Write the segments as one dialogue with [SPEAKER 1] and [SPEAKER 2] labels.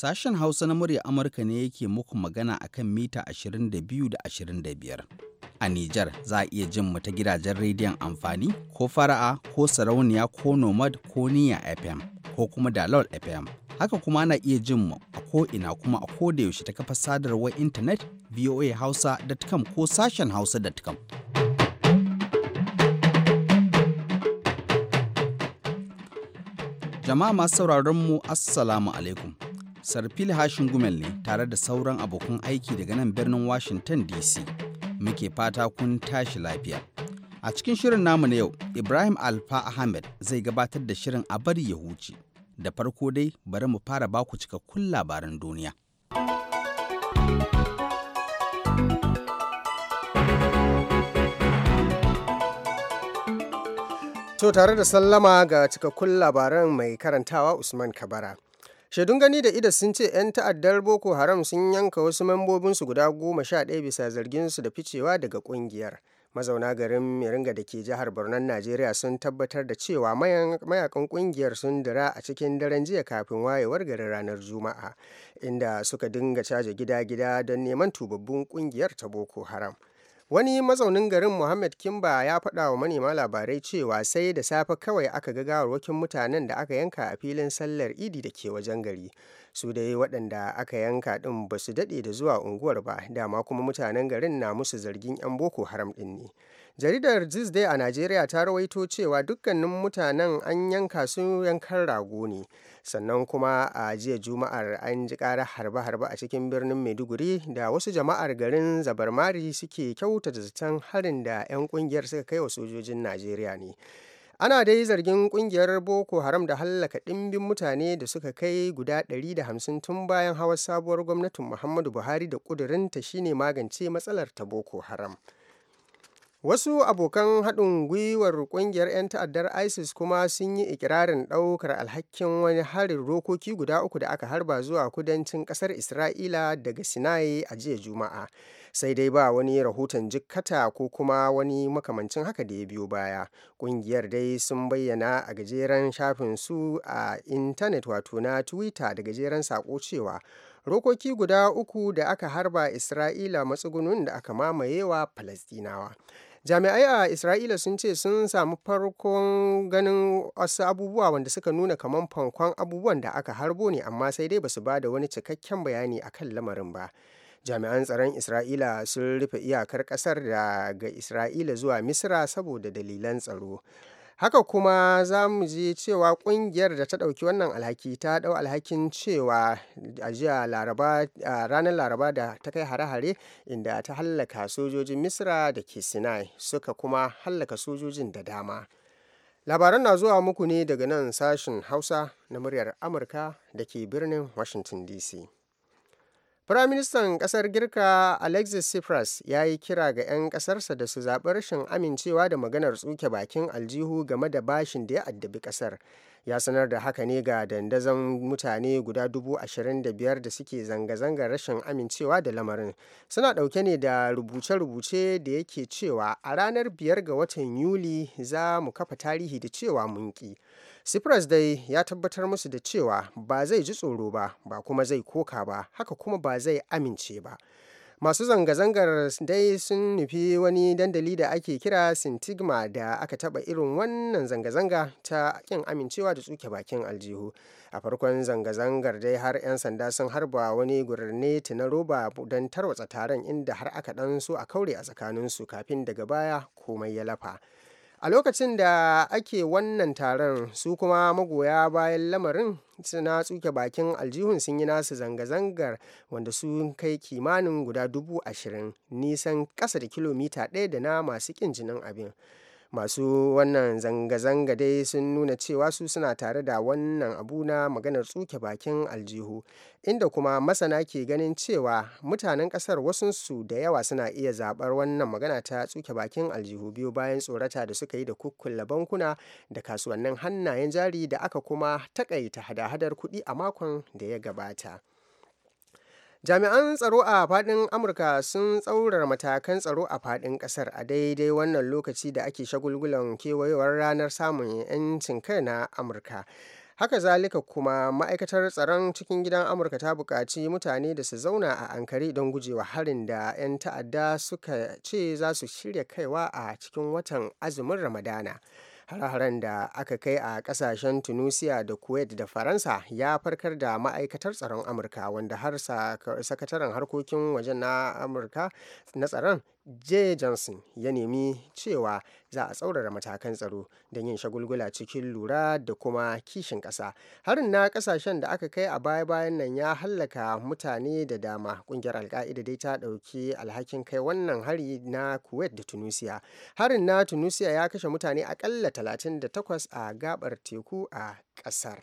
[SPEAKER 1] Sashen Hausa na murya Amurka ne yake muku magana a kan mita 22 da 25. A Nijar za a iya jin mu ta gidajen rediyon amfani ko fara'a ko sarauniya ko nomad ko niya FM ko kuma dalol FM. Haka kuma ana iya jin mu a ko'ina kuma a ko da yaushe ta kafa sadarwar intanet voahausa.com ko sashen hausa.com. Jama'a masu sauraron mu Assalamu alaikum. sarfil hashin gumel ne tare da sauran abokan aiki daga nan birnin washington dc muke fata kun tashi lafiya a cikin shirin namu na yau ibrahim alfa ahmed zai gabatar da shirin a bari ya huce da farko dai bari mu fara baku cikakkun labaran duniya
[SPEAKER 2] To tare da sallama ga cikakkun labaran mai karantawa Usman Kabara. Shaidun gani da ido sun ce 'yan ta'addar Boko Haram sun yanka wasu membobinsu guda goma sha ɗaya bisa zarginsu da ficewa daga ƙungiyar. mazauna garin Miringa da ke jihar Borno Najeriya sun tabbatar da cewa mayakan ƙungiyar sun dira a cikin daren jiya kafin wayewar garin ranar Juma'a inda suka dinga caje gida-gida don neman tubabbun ƙungiyar ta Boko Haram. Wani mazaunin garin Mohammed Kimba ya faɗa wa manema labarai cewa sai da safe kawai aka ga gawarwakin mutanen da aka yanka a filin sallar Idi da ke wajen gari. Su dai waɗanda aka yanka ɗin ba su daɗe da zuwa unguwar ba, dama kuma mutanen garin na musu zargin 'yan Boko Haram ɗin ne. Jaridar Day a Najeriya ta rawaito cewa dukkanin mutanen an yanka su yankan rago ne, sannan kuma a jiya Juma'ar an ji ƙara harbe-harbe a cikin birnin Maiduguri da wasu jama'ar garin Zabarmari suke kyautata zaton harin da 'yan ƙungiyar suka kai wa sojojin Najeriya ne. ana dai zargin ƙungiyar boko haram da hallaka ɗimbin mutane da suka kai guda 150 tun bayan hawa sabuwar gwamnatin muhammadu buhari da ƙudurinta shine magance matsalar ta boko haram Wasu abokan haɗin gwiwar ƙungiyar 'yan ta'addar ISIS kuma sun yi ikirarin ɗaukar alhakin wani harin rokoki guda uku da aka harba zuwa kudancin ƙasar Isra'ila daga Sinai a jiya Juma'a, sai dai ba wani rahoton jikkata ko kuma wani makamancin haka da ya biyo baya. Ƙungiyar dai sun bayyana a gajeren shafin su a intanet wato na Twitter da gajeren saƙo cewa rokoki guda uku da aka harba Isra'ila matsugunun da aka mamayewa Falasɗinawa. jami'ai a isra'ila sun ce sun samu farkon ganin wasu abubuwa wanda suka nuna kamar fankon abubuwan da aka harbo ne amma sai dai basu ba da wani cikakken bayani a kan lamarin ba jami'an tsaron isra'ila sun rufe iyakar kasar daga isra'ila zuwa misra saboda dalilan tsaro Haka kuma za mu je cewa ƙungiyar da ta ɗauki wannan alhaki ta ɗau alhakin cewa a jiya ranar Laraba da ta kai hare-hare inda ta hallaka sojojin Misra da ke Sinai suka kuma hallaka sojojin da dama. Labaran na zuwa muku ne daga nan sashen Hausa na muryar Amurka da ke birnin Washington DC. Firaministan ƙasar Girka Alexis Tsipras ya yi kira ga 'yan ƙasarsa da su zaɓi rashin amincewa da maganar tsuke bakin aljihu game da bashin da ya addabi ƙasar. ya sanar da haka ne ga dandazon mutane guda dubu ashirin da biyar da suke zanga-zangar rashin amincewa da lamarin suna ɗauke ne da rubuce-rubuce da yake cewa a ranar biyar ga watan yuli za mu kafa tarihi da cewa mun cyprus dai ya tabbatar musu da cewa ba zai ji tsoro ba ba kuma zai koka ba haka kuma ba zai amince ba masu zanga-zangar dai sun nufi wani dandali da ake kira sintigma da aka taba irin wannan zanga-zanga ta kin amincewa da tsuke bakin aljihu a farkon zanga-zangar dai har 'yan sanda sun harba wani gurneti na roba don tarwatsa taron inda har aka ɗan so a kaure a tsakaninsu kafin daga baya komai ya lafa a lokacin da ake wannan taron su kuma magoya bayan lamarin suna tsuke bakin aljihun sun yi nasu zanga-zangar wanda sun kai kimanin guda dubu ashirin nisan kasa da kilomita ɗaya da na masu ƙin jinin abin masu wannan zanga-zanga dai sun nuna cewa su suna tare da wannan abu na maganar tsuke bakin aljihu inda kuma masana ke ganin cewa mutanen kasar wasunsu da yawa suna iya zabar wannan magana ta tsuke bakin aljihu biyu bayan tsorata da suka yi da kukkulla bankuna da kasuwannin hannayen jari da aka kuma takaita hada-hadar kuɗi a makon da ya gabata jami'an tsaro a fadin amurka sun tsaurara matakan tsaro a fadin kasar a daidai wannan lokaci da ake shagulgulan kewayowar ranar samun 'yancin kai na amurka haka zalika kuma ma'aikatar tsaron cikin gidan amurka ta bukaci mutane da su zauna a ankari don gujewa harin da 'yan ta'adda suka ce za su shirya kaiwa a cikin watan azumin ramadana Hare-haren da aka kai a kasashen tunisia da Kuwait da Faransa ya farkar da ma'aikatar tsaron Amurka wanda har sakataren harkokin wajen na Amurka na tsaron Jay Johnson ya nemi cewa za a tsaurara matakan tsaro don yin shagulgula cikin lura da kuma kishin ƙasa. Harin na ƙasashen da aka kai a baya-bayan nan ya hallaka mutane da dama. Ƙungiyar Alka'ida dai ta ɗauki alhakin kai wannan hari na Kuwait da tunisia Harin na tunisia ya kashe mutane aƙalla 38 a gaɓar teku a ƙasar.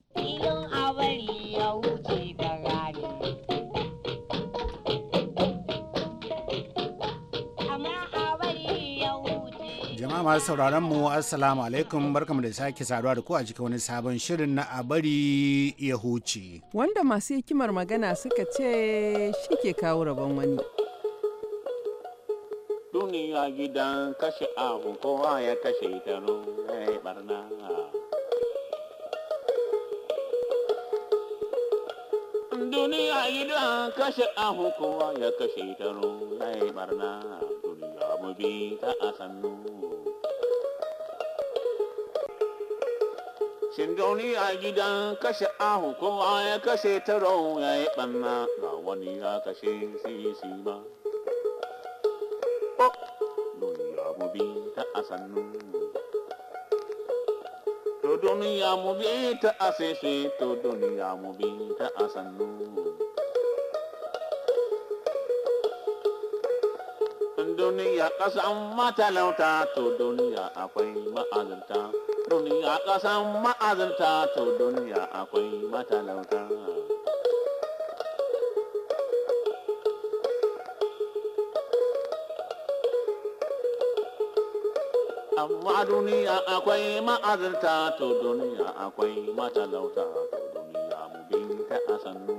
[SPEAKER 3] masu sauraron mu assalamu alaikum barkamu da sake saduwa da ku a cikin wani sabon shirin na abari ya huce wanda masu hikimar
[SPEAKER 1] magana suka ce shi ke kawo rabon wani
[SPEAKER 4] duniya gidan kashe abu kowa ya kashe ya yi barna duniya idan kashe ahu kowa ya kashe ta yi barna duniya mu bi ta a sannu shin duniya gidan kashe ahu kowa ya kashe ta yi barna ga wani ya kashe sisi ba duniya mu bi ta a sannu duniya mu bi ta asese to duniya mu bi ta asannu duniya kasan matalauta to duniya akwai ma'azinta duniya kasan ma'azinta to duniya akwai matalauta amma duniya akwai ma'azarta to duniya akwai matalauta to duniya mu a sannu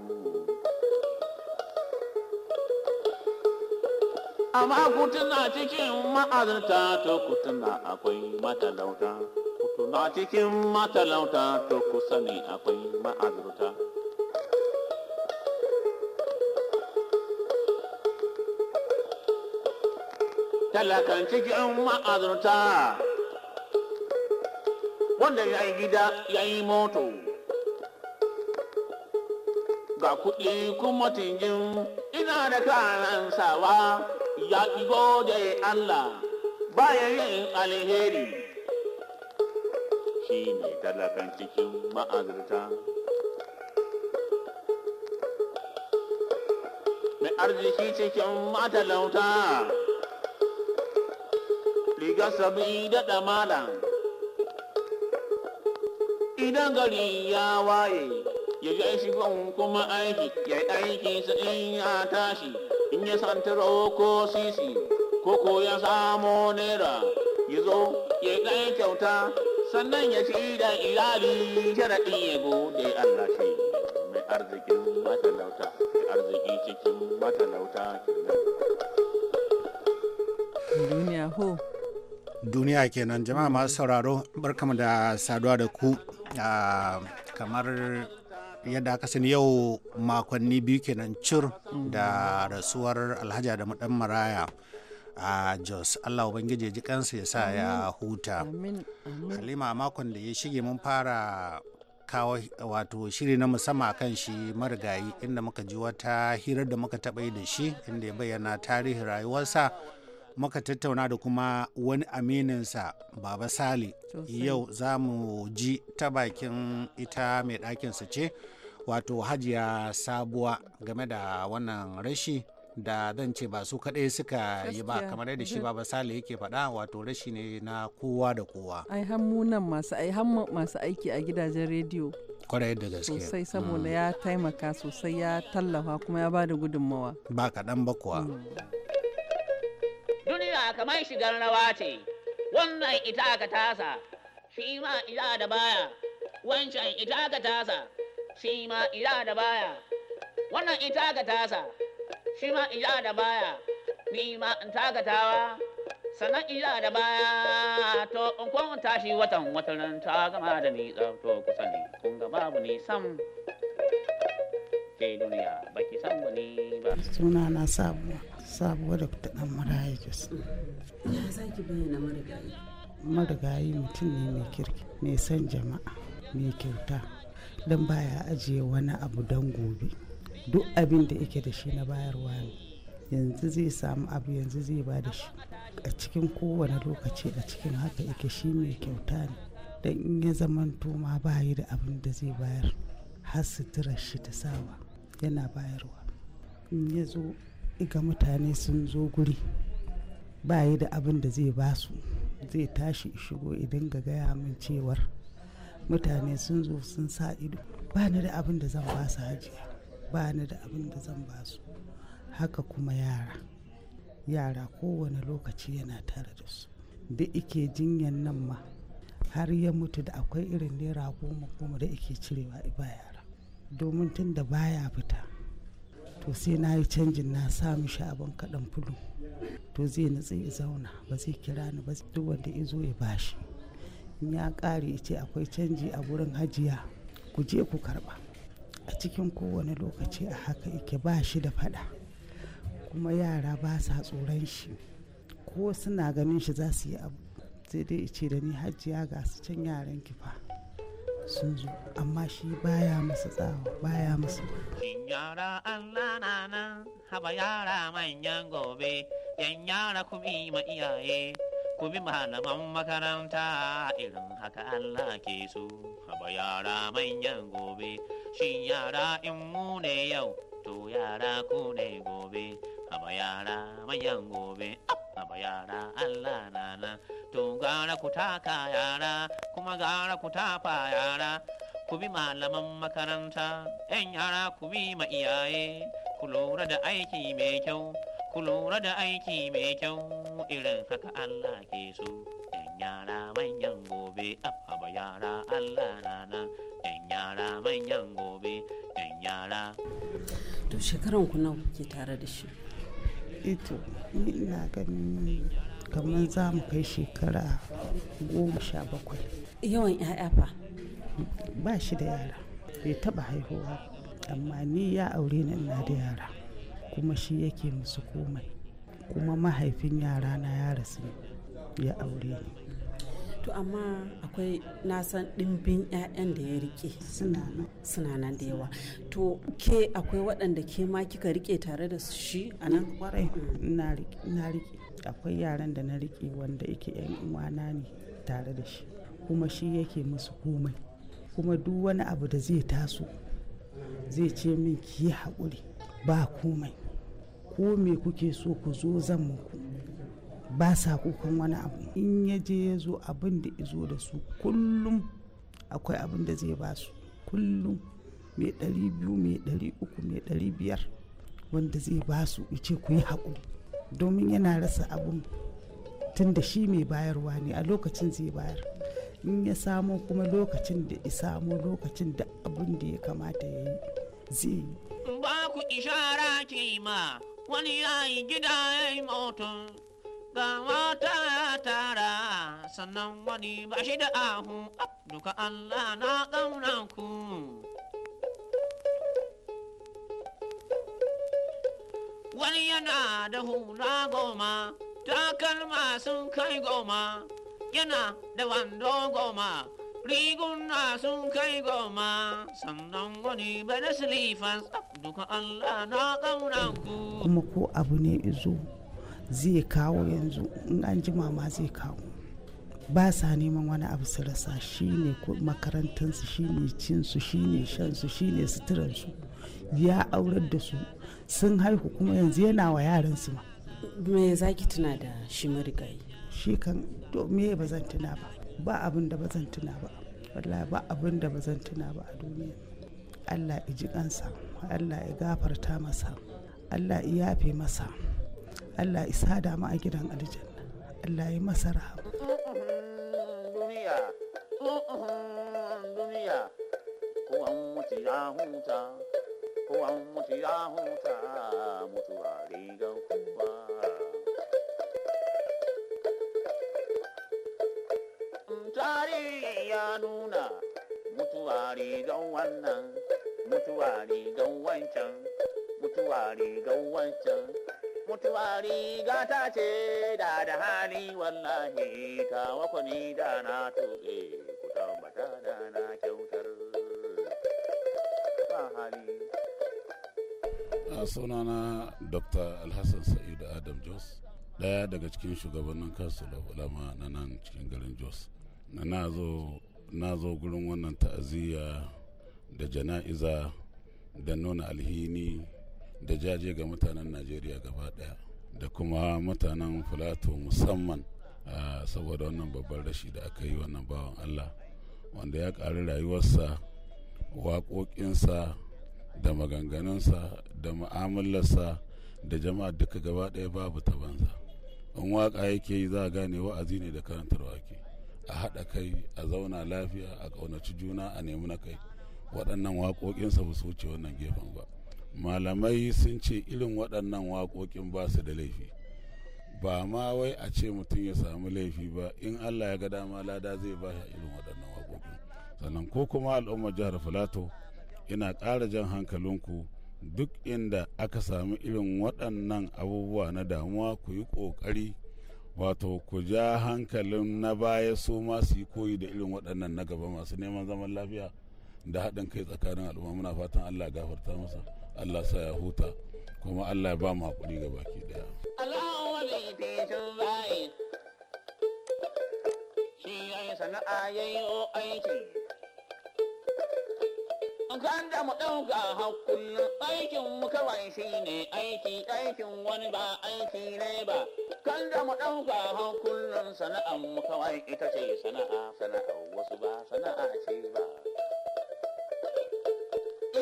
[SPEAKER 3] amma kutuna
[SPEAKER 4] cikin ma'azarta to kutuna akwai matalauta kutuna cikin matalauta to kusa ne akwai ma'azarta talakan cikin ma'azurta wanda ya yi gida ya yi moto ga kuɗi kuma tijin ina da kanan sawa ya gode Allah bayan yin alheri shi ne talakan cikin ma'azurta mai arziki cikin matalauta riga sabi daɗa damala idan gari ya waye ya ji shigon kuma aiki ya yi aiki sa in ya tashi in ya santaro ko sisi ko ya samo naira ya zo ya yi kyauta sannan ya ci da iyali sharaɗi ya gode Allah shi mai arzikin matalauta mai arziki cikin matalauta kenan
[SPEAKER 3] duniya ho duniya kenan jama'a masu sauraro barkamu da saduwa da ku kamar yadda aka sani yau makonni biyu kenan cur da rasuwar alhaja da mudan maraya a jos allah ubangiji ji kansa ya sa ya huta halima a makon da ya shige mun fara kawo wato shiri na musamman kan shi marigayi inda muka ji wata hirar da muka taɓa da shi inda ya bayyana tarihin rayuwarsa muka tattauna da kuma wani amininsa baba sale yau za mu ji ta bakin ita mai ɗakinsa ce wato hajiya sabuwa game da wannan rashi da zan ce ba su kaɗai suka yi ba kamar yadda shi mhm. baba sale yake faɗa wato rashi ne na kowa da kowa
[SPEAKER 1] ai hannunan masu ai masu aiki a gidajen rediyo
[SPEAKER 3] kwarai da gaske sosai saboda mm.
[SPEAKER 1] ya taimaka sosai
[SPEAKER 3] ya tallafa kuma ya ba da gudunmawa ba kaɗan ba kuwa mm.
[SPEAKER 5] duniya kamar shigar rawa ce wannan ita ka tasa shi ma ila da baya wancan ita ka tasa shi ma ila da baya wannan ita ka tasa shi ma ila da baya ni ma in takatawa sannan ila da baya to in kun tashi watan watan ta gama da ni to kusa ne kun ga babu ni sam ke duniya baki san ba ni ba
[SPEAKER 6] suna na sabuwa sabuwa da ta dan ya za ki bayyana marigayi marigayi mutum ne mai kirki mai son jama'a mai kyauta don baya ajiye wani abu don gobe duk abin da yake da shi na bayarwa ne yanzu zai samu abu yanzu zai ba da shi a cikin kowane lokaci a cikin haka yake shi mai kyauta ne don in ya zamanto ma bayi da abin da zai bayar har suturar shi ta sawa yana bayarwa in ya zo ga mutane sun zo guri ba yi da abin da zai ba su. zai tashi shigo idan ga gaya min cewar mutane sun zo sun sa ido ba ni da abin da zan ba su hajiya ba ni da abin da zan ba su haka kuma yara yara kowane lokaci yana tare da su da ike jinyan nan ma har ya mutu da akwai irin naira goma goma da ike cirewa ba yara domin tun da baya fita to sai na yi canjin na sa mishi abin kaɗan fulu to zai nutsi ya zauna ba zai kira ni ba duk wanda ya zo ya bashi in ya ƙare ya ce akwai canji a gurin hajiya ku je ku karɓa a cikin kowane lokaci a haka yake ba shi da faɗa kuma yara ba sa tsoron shi ko suna ganin shi za su yi abu sai dai ce da ni hajiya ga su can yaran kifa fa sun zo amma shi baya masa tsawa baya masa
[SPEAKER 4] shin
[SPEAKER 5] yara Allah na nan haba yara manyan gobe yan yara ku ma iyaye ku bi malaman makaranta irin haka Allah ke so haba yara manyan gobe shin yara in mu ne yau to yara ku ne gobe aba yara abayara gobe Allah nana to gara kutaka yara kuma gara kutafa yara Kubi malaman makaranta 'yan yara kubi ma iyaye ku da aiki mai kyau ku da aiki mai kyau irin haka Allah ke so ‘yan yara manyan gobe abba yara Allah nana ‘yan yara manyan gobe ‘yan yara
[SPEAKER 6] to shekaran kuna kuke tare da shi ito eh ni ina ganin kamar za mu kai shekara goma sha bakwai yawan 'ya'ya fa ba shi da yara bai taba haihuwa amma ni ya aure ni ina da yara kuma shi yake musu komai kuma mahaifin yara na ya rasu ya aure ni to amma akwai nasan ɗimbin 'ya'yan da ya rike suna nan da yawa to ke akwai waɗanda ke ma kika rike tare da shi a nan kwarai mm. na rike akwai yaran da na rike wanda yake 'yan uwana ne tare da shi kuma shi yake musu komai kuma duk wani abu da zai taso zai ce min ki yi haƙuri ba komai ko me kuke so ku zo zan muku ba sa kukan wani abu in ya je ya zo abin da ya zo da su
[SPEAKER 4] kullum
[SPEAKER 6] akwai abin da zai ba su kullum mai ɗari biyu mai ɗari uku mai ɗari biyar wanda zai ba su ya ce ku yi haƙuri domin yana rasa abin tun da shi mai bayarwa ne a lokacin zai bayar in ya samo kuma lokacin da ya samo lokacin da abin da ya kamata ya yi zai yi
[SPEAKER 5] ba ku ishara ke ma wani yayi gida ya yi mota. Kamata mata tara sannan wani ba shi da ahu duka Allah na ƙauna ku. Wani yana da hula goma, takalma sun kai goma, yana da wando goma, riguna sun kai goma, sannan wani ba da silifas duka Allah na ƙauna ku.
[SPEAKER 6] Kuma ko abu ne izo. zai kawo yanzu in an jima ma zai kawo ba sa neman wani abu su rasa shi ne makarantarsu shi ne cinsu shi ne shansu shi ne suturansu ya aurar da su sun haihu kuma yanzu yana wa yaransu ma me za ki tuna da shi marigayi shi kan to me ba zan tuna ba ba abin da ba zan tuna ba wallahi ba abin da ba zan tuna ba a duniya Allah ya kansa Allah ya gafarta masa Allah ya yafe masa Allah isa da mu a gidan aljanna Allah yi masa rahama
[SPEAKER 4] duniya ko an mutu ya huta ko an mutu ya huta ya nuna mutuwa rigar wannan mutuwa rigar wancan mutuwa rigar wancan mutuwa riga ce da da hali wallahi ta wako ni da na tuɓe ku tambata da na kyautar ba hali
[SPEAKER 7] sunana dr alhassan sa'idu adam jos daya daga cikin shugabannin kansu da ulama na nan cikin garin jos na zo gurin wannan ta'aziyya da jana'iza da nuna alhini da jaje ga mutanen najeriya gaba daya da kuma mutanen filato musamman saboda wannan babban rashi da aka yi wannan bawan allah wanda ya ƙari rayuwarsa waƙoƙinsa da maganganunsa da ma'amalarsa da jama'a duka gaba daya babu ta banza in waƙa yake yi za a gane wa'azi ne da karantar ke a haɗa kai a zauna lafiya a ƙaunaci juna a nemi na kai waɗannan waƙoƙinsa ba su wuce wannan gefen ba malamai sun ce irin waɗannan waƙoƙin ba su da laifi ba ma wai a ce mutum ya samu laifi ba in allah ya ga dama lada zai ba shi irin waɗannan waƙoƙin sannan ko kuma al'ummar jihar filato ina ƙara jan hankalinku duk inda aka samu irin waɗannan abubuwa na damuwa ku yi ƙoƙari wato ku ja hankalin na baya su ma su yi koyi da irin waɗannan na gaba masu neman zaman lafiya da haɗin kai tsakanin al'umma muna fatan allah gafarta masa allah sa ya huta kuma allah ya ba mu haƙuri ga baki
[SPEAKER 4] daya sana'a ya yi o aikin kan da mu ɗauka hakkullin aikin mu kawai shi ne aiki aikin wani ba aiki ne ba kan da mu ɗauka hakkullin sana'an mu kawai ita ce sana'a sana'a wasu ba sana'a ce ba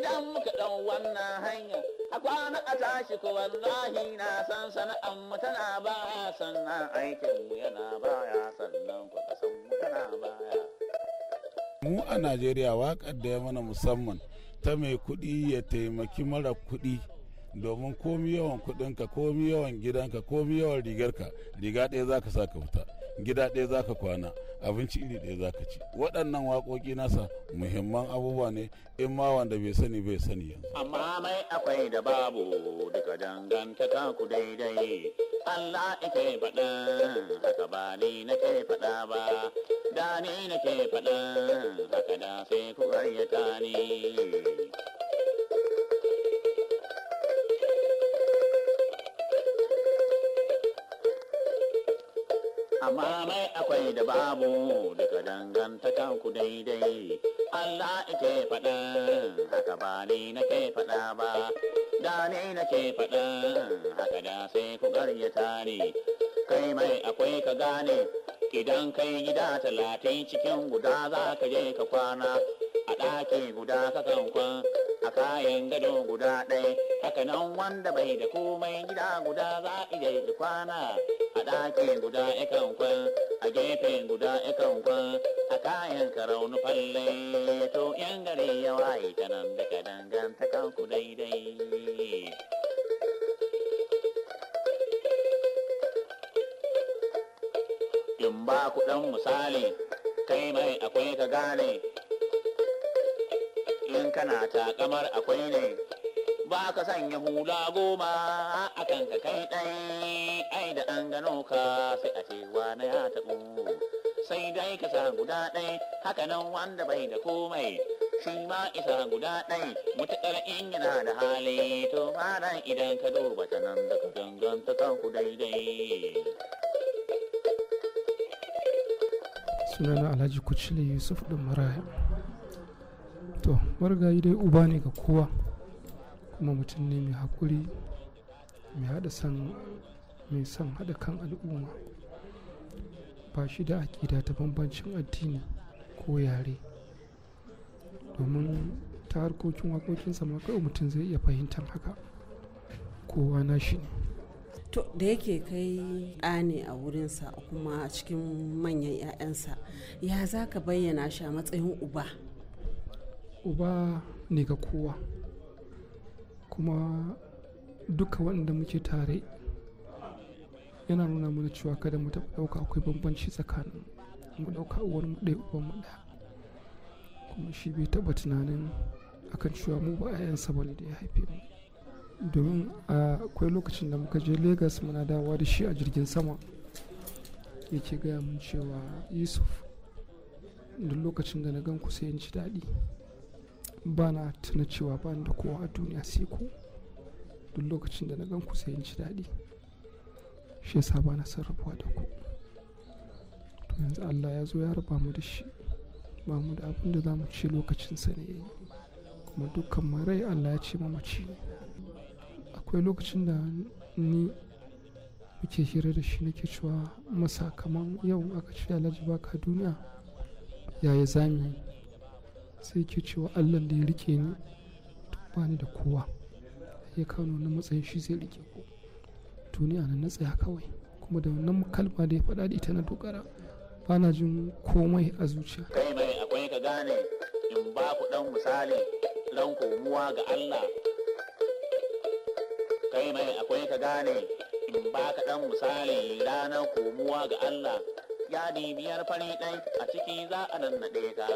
[SPEAKER 4] idan muka ɗau wannan hanya a kwana a tashi ko wallahi na san sana mu tana baya sannan aikin mu yana baya sannan ku san mu tana baya
[SPEAKER 7] mu a najeriya waƙar da ya mana musamman ta mai kuɗi ya taimaki mara kuɗi domin komi yawan kuɗinka komi yawan gidanka komi yawan rigarka riga ɗaya za ka sa ka fita gida ɗaya za ka kwana abinci iri ɗaya za ka ci waɗannan waƙoƙi nasa muhimman abubuwa ne in ma wanda bai sani bai sani yanzu.
[SPEAKER 4] amma mai akwai da babu duka dangantaka ku daidai Allah ake faɗa haka ba ni nake faɗa ba da ni nake faɗa haka da sai ku ƙaryata ni. mai akwai da babu daga dangantakan ku daidai Allah ike faɗa haka ba ni nake faɗa ba da ni nake faɗa haka da sai ku ƙaryata ne kai mai akwai ka gane idan kai gida talatin cikin guda za ka je ka kwana a ɗaki guda ka kan a kayan gado guda ɗaya haka nan wanda bai da komai gida guda za a je kwana a ɗakin guda ikan kwan a gefe guda ikan kwan a kayan karau falle to yan gari ya waye ta nan daga dangantakan ku daidai in ba ku ɗan misali kai mai akwai ka gane in kana takamar akwai ne ba ka sanya hula goma a kan ka kai ɗai ai da an gano ka sai a cewa na ya taɓu sai dai ka sa guda ɗai haka nan wanda bai da komai shi ma isa guda ɗai mutuƙar in yana da hali to fara idan ka duba ta nan da ka ganganta kanku daidai.
[SPEAKER 8] sunana alhaji kucile yusuf ɗin maraya to marigayi dai uba ne ga kowa kuma mutum ne mai haƙuri mai haɗa san son haɗa kan al'umma ba shi da aƙida ta bambancin addini ko yare domin ta harkokin waƙoƙinsa sama kawai mutum zai iya fahimtar haka kowa na shi ne
[SPEAKER 6] to da yake kai ɗane a a wurinsa kuma a cikin manyan 'ya'yansa ya za ka bayyana shi a matsayin
[SPEAKER 8] uba uba ne ga kowa kuma duka waɗanda muke tare yana nuna mana cewa kada mu taɓa ɗauka akwai bambanci tsakanin mu ɗauka uwar mu ɗaya uwar mu ɗaya kuma shi bai taɓa tunanin akan cewa mu ba 'ya'yansa bane da ya haife mu domin akwai lokacin da muka je lagos muna dawowa da shi a jirgin sama yake gaya mun cewa yusuf duk lokacin da na gan ku sai in ci daɗi ba na tuna cewa ba da kowa a duniya sai ku duk lokacin da na gan ku sai in ji daɗi shi yasa ba na sarrafa da ku to yanzu allah ya zo ya raba mu da shi ba mu da abin da za mu ci lokacin sa ne kuma dukkan marai allah ya ce mu mace. akwai lokacin da ni muke hira da shi nake cewa masa kaman yau aka ce alhaji baka duniya yayi zami sai ke cewa allah da ya rike ni ba ni da kowa ya kano na matsayin shi zai rike ku to ni na tsaya kawai kuma da wannan kalma da ya faɗa da ita na dogara ba na jin komai a zuciya
[SPEAKER 4] kai mai akwai ka gane in ba ku dan misali ran komuwa ga allah kai mai akwai ka gane in ba ka dan misali ranar komuwa ga allah ya biyar fari ɗai a ciki za a nannaɗe ka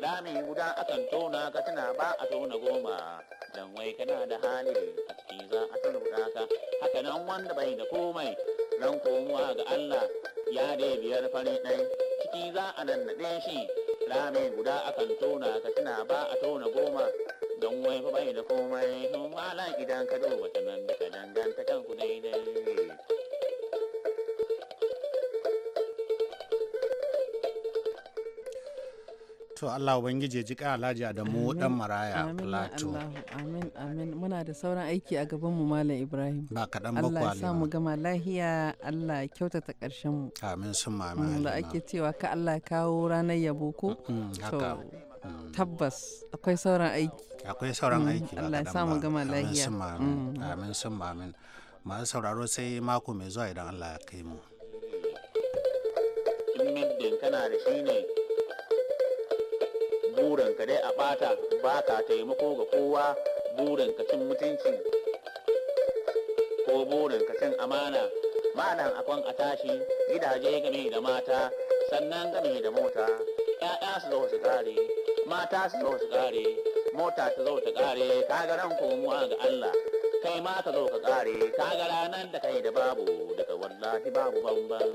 [SPEAKER 4] lami guda akan tona ka tana ba a tona goma dan wai kana da hali a ciki za a tana ka haka nan wanda bai da komai ran komuwa ga Allah ya dai biyar fari ɗai ciki za a nan nannaɗe shi lami guda kan tona ka tana ba a tona goma don wai fa bai da komai sun idan ka duba ta nan da ka danganta kanku daidai
[SPEAKER 3] to Allah ubangije ji ka alhaji Adamu dan maraya plato
[SPEAKER 1] amin amin muna da sauran aiki a gaban mu malam Ibrahim
[SPEAKER 3] ba kadan ba Allah ya mu
[SPEAKER 1] gama lahiya Allah ya kyautata
[SPEAKER 3] karshen mu amin sun amin mm,
[SPEAKER 1] Allah ake cewa ka Allah kawo ranar yabo ko
[SPEAKER 3] mm, mm, haka
[SPEAKER 1] tabbas akwai sauran aiki
[SPEAKER 3] akwai sauran aiki Allah ya samu gama lahiya amin sun amin masu sauraro sai mako mai zuwa idan Allah ya kai mu
[SPEAKER 4] in kana da shi ne burinka dai a bata ba ka taimako ga kowa burinka cin mutunci ko burinka cin amana malam akwan a tashi gidaje game da mata sannan game da mota ‘ya'ya su zo su kare mata su zo su kare mota ta zo ta Ka ga ran komuwa ga Allah kai ma ka zo ka ƙare kaga ranar da kai da babu daga wallahi babu bambam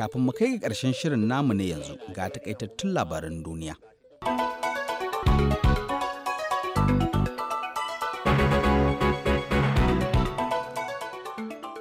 [SPEAKER 1] kafin mu kai ga ƙarshen shirin namu na yanzu ga takaitattun labaran duniya.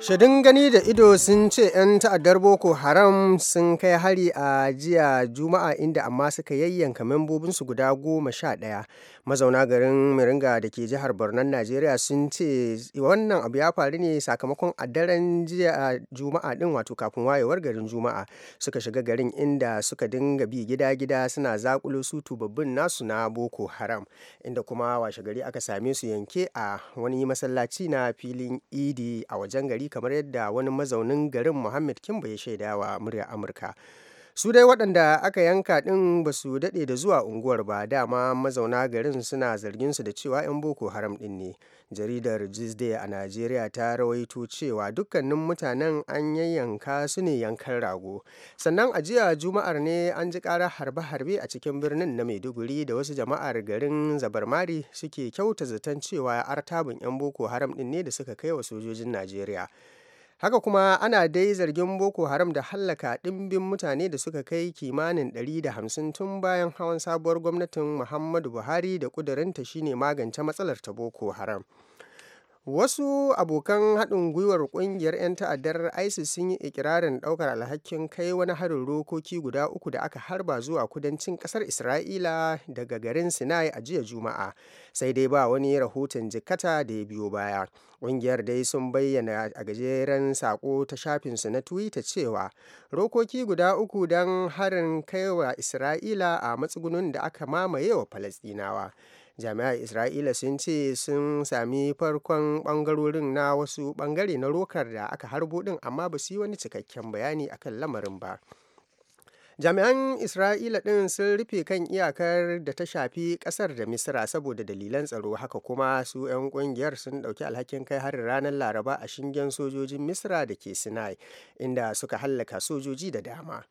[SPEAKER 2] Shaidun gani da ido sun ce 'yan ta'addar Boko Haram sun kai hari a jiya Juma'a inda amma suka yayyanka su guda goma sha ɗaya. Mazauna garin Miringa da ke jihar borno Najeriya sun ce wannan abu ya faru ne sakamakon a daren jiya Juma'a ɗin wato kafin wayewar garin Juma'a suka shiga garin inda suka dinga bi gida-gida suna zakulo su tubabbin nasu na Boko Haram inda kuma washe gari aka same su yanke a wani masallaci na filin Idi a wajen gari kamar yadda wani mazaunin garin muhammad kimba ya shaidawa murya amurka su dai waɗanda aka yanka ɗin ba su daɗe da zuwa unguwar ba dama mazauna garin suna zargin su da cewa 'yan boko haram ɗin ne jaridar jisde a najeriya ta rawaito cewa dukkanin mutanen an yayyanka su ne yankan rago sannan a jiya juma'ar ne an ji ƙarar harbe-harbe a cikin birnin na maiduguri da wasu jama'ar garin zabarmari suke kyauta zaton cewa artabin 'yan boko haram ɗin ne da suka kai wa sojojin najeriya Haka kuma ana dai zargin Boko Haram da hallaka ɗimbin mutane da suka kai kimanin 150 tun bayan hawan sabuwar gwamnatin Muhammadu Buhari da ƙudurinta shine magance matsalar ta Boko Haram. Wasu abokan haɗin gwiwar ƙungiyar 'yan ta'addar ISIS sun yi ikirarin ɗaukar alhakin kai wani harin rokoki guda uku da aka harba zuwa kudancin ƙasar Isra'ila daga garin Sinai a jiya Juma'a, sai dai ba wani rahoton jikata da ya biyo baya. Ƙungiyar dai sun bayyana a gajeren saƙo ta shafinsu na Twitter cewa rokoki guda uku don harin kaiwa Isra'ila a matsugunin da aka mamaye wa Falasɗinawa. jami'an isra'ila sun ce sun sami farkon bangarorin na wasu bangare na rokar da aka harbo din amma ba su yi wani cikakken bayani akan lamarin ba jami'an isra'ila ɗin sun rufe kan iyakar da ta shafi ƙasar da misira saboda dalilan tsaro haka kuma su 'yan ƙungiyar sun ɗauki alhakin kai harin ranar laraba a shingen sojojin misira da ke sinai inda suka hallaka sojoji da dama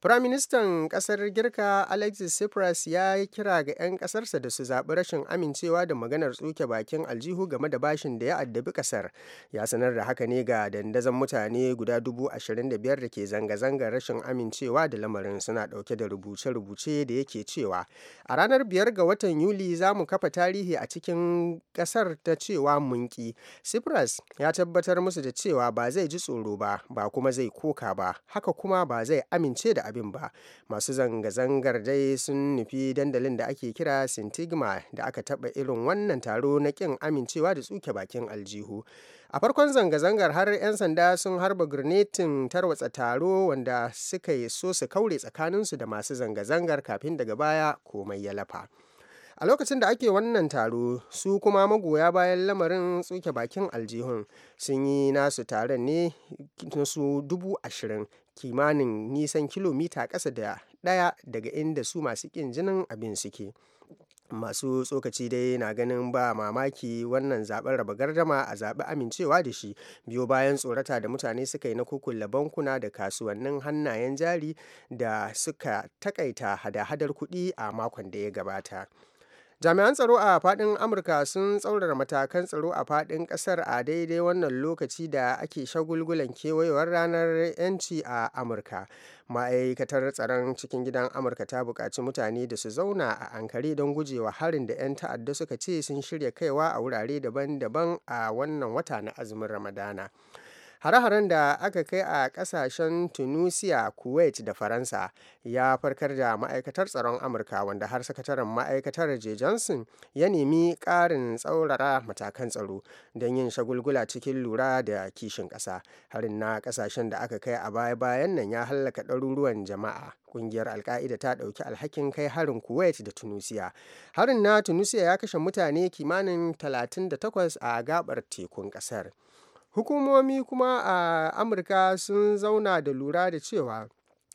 [SPEAKER 2] Firaministan ƙasar Girka Alexis Tsipras ya yi kira ga 'yan ƙasarsa da su zaɓi rashin amincewa da maganar tsuke bakin aljihu game da bashin da ya addabi ƙasar. Ya sanar da haka ne ga dandazon mutane guda dubu ashirin da biyar da ke zanga-zangar rashin amincewa da lamarin suna ɗauke da rubuce-rubuce da yake cewa a ranar biyar ga watan Yuli za mu kafa tarihi a cikin ƙasar ta cewa munki. Tsipras ya tabbatar musu da cewa ba zai ji tsoro ba, ba kuma zai koka ba, haka kuma ba zai amince da abin ba masu zanga-zangar dai sun nufi dandalin da ake kira sintigma da aka taɓa irin wannan taro na ƙin amincewa da tsuke bakin aljihu a farkon zanga-zangar har 'yan sanda sun harba gurnetin tarwatsa taro wanda suka yi so su kaure tsakaninsu da masu zanga-zangar kafin daga baya komai ya lafa a lokacin da ake wannan taro su kuma magoya bayan lamarin tsuke bakin aljihun sun yi nasu taron ne su dubu ashirin kimanin nisan kilomita ƙasa da ɗaya daga inda su masu ƙin jinin abin suke masu tsokaci dai na ganin ba mamaki wannan zaben raba gardama a zaɓi amincewa da shi biyo bayan tsorata da mutane suka yi na kukulla bankuna da kasuwannin hannayen jari da suka takaita hada-hadar kuɗi a makon da ya gabata jami'an tsaro a faɗin amurka sun tsaurara matakan tsaro a fadin kasar a daidai wannan lokaci da ake shagulgulan kewayewar ranar 'yanci a amurka ma'aikatar tsaron cikin gidan amurka ta bukaci mutane da su zauna a ankare don gujewa harin da 'yan ta'adda suka ce sun shirya kaiwa a wurare daban-daban a wannan wata na azumin ramadana hare-haren da aka kai a kasashen tunisia kuwait da faransa ya farkar da ma'aikatar tsaron amurka wanda har sakataren ma'aikatar j johnson ya nemi ƙarin tsaurara matakan tsaro don yin shagulgula cikin lura da kishin ƙasa harin na kasashen da aka kai a baya-bayan nan ya hallaka ɗaruruwan jama'a kungiyar alka'ida ta ɗauki alhakin kai harin kuwait da tunisia harin na tunisia ya kashe mutane kimanin 38 a gabar tekun ƙasar Hukumomi kuma a Amurka sun zauna da lura da cewa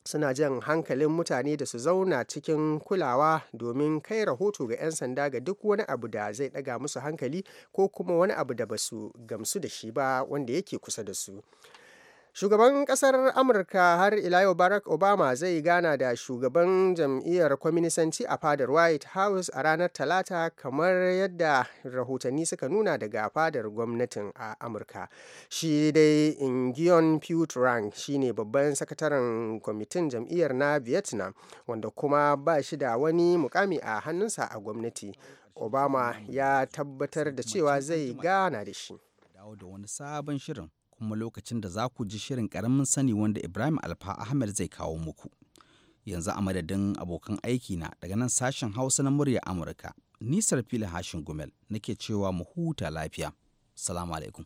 [SPEAKER 2] suna jan hankalin mutane da su zauna cikin kulawa domin kai rahoto ga 'yan sanda ga duk wani abu da zai daga musu hankali ko kuma wani abu da ba su gamsu da shi ba wanda yake kusa da su. Shugaban ƙasar Amurka har ila yau Barack Obama zai gana da shugaban jam'iyyar kwaminisanci a fadar White House a ranar Talata kamar yadda rahotanni suka nuna daga fadar gwamnatin a Amurka. Shi dai Ingion Putrang shi ne babban sakataren kwamitin jam'iyyar na Vietnam wanda kuma ba shi da wani mukami a hannunsa a gwamnati. Obama ya tabbatar da cewa zai gana da shi.
[SPEAKER 1] sabon shirin. kuma lokacin da za ku ji shirin karamin sani wanda Ibrahim Alfa Ahmed zai kawo muku. Yanzu a madadin abokan aiki na daga nan sashen Hausa na murya Amurka, nisar fili hashin gumel nake cewa mu huta lafiya. Salamu alaikum.